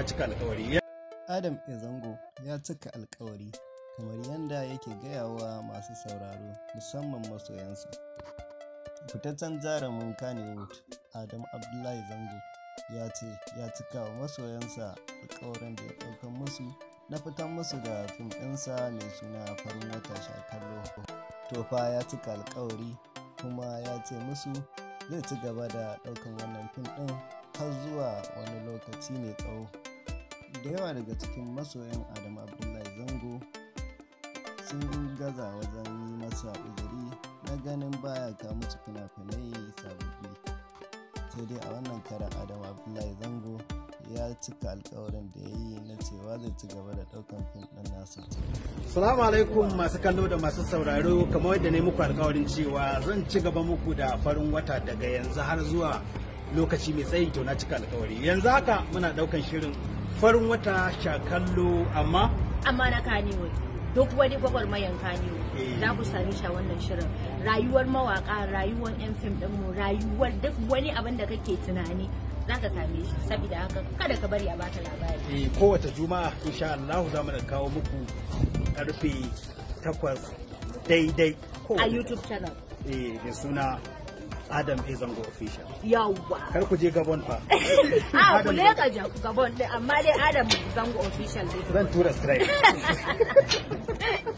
na cika alkawari adam ezango ya cika alkawari kamar yadda yake gayawa masu sauraro musamman masoyansa fitaccen jaramin kanewood adam abdullahi zango ya ce ya cika wa masoyansa alkawarin da ya ɗaukan musu na fitan musu da fim ɗinsa mai suna farin wata shakallo tofa ya cika alkawari kuma ya ce musu zai ci gaba da ɗaukan wannan fim ɗin har zuwa wani lokaci mai tsawo da yawa daga cikin masoyan adamu abdullahi zango sun gaza wajen yi masa uzuri na ganin baya ka musu fina-finai sababbi sai dai a wannan karan adamu abdullahi zango ya cika alkawarin da ya yi na cewa zai ci gaba da daukan fim din nasa salamu alaikum masu kallo da masu sauraro kamar yadda ne muku alkawarin cewa zan ci gaba muku da farin wata daga yanzu har zuwa lokaci mai tsayi to na cika alkawari yanzu haka muna daukan shirin farin wata shakallo amma amma na kaniwe duk wani gwagwarmayan kaniwe eh. za ku sami sha wannan shirin rayuwar mawaka rayuwar yan fim mu rayuwar duk wani abin da kake tunani za ka same shi saboda haka kada ka bari a bata labari eh, kowace juma'a insha Allah za mu kawo muku karfe takwas daidai a YouTube channel eh da suna Adam A Zango official. Yawwa. Kar ku je Gabon fa. Ah, ku je Gabon amma dai Adam Zango official dai. Zan tura strike.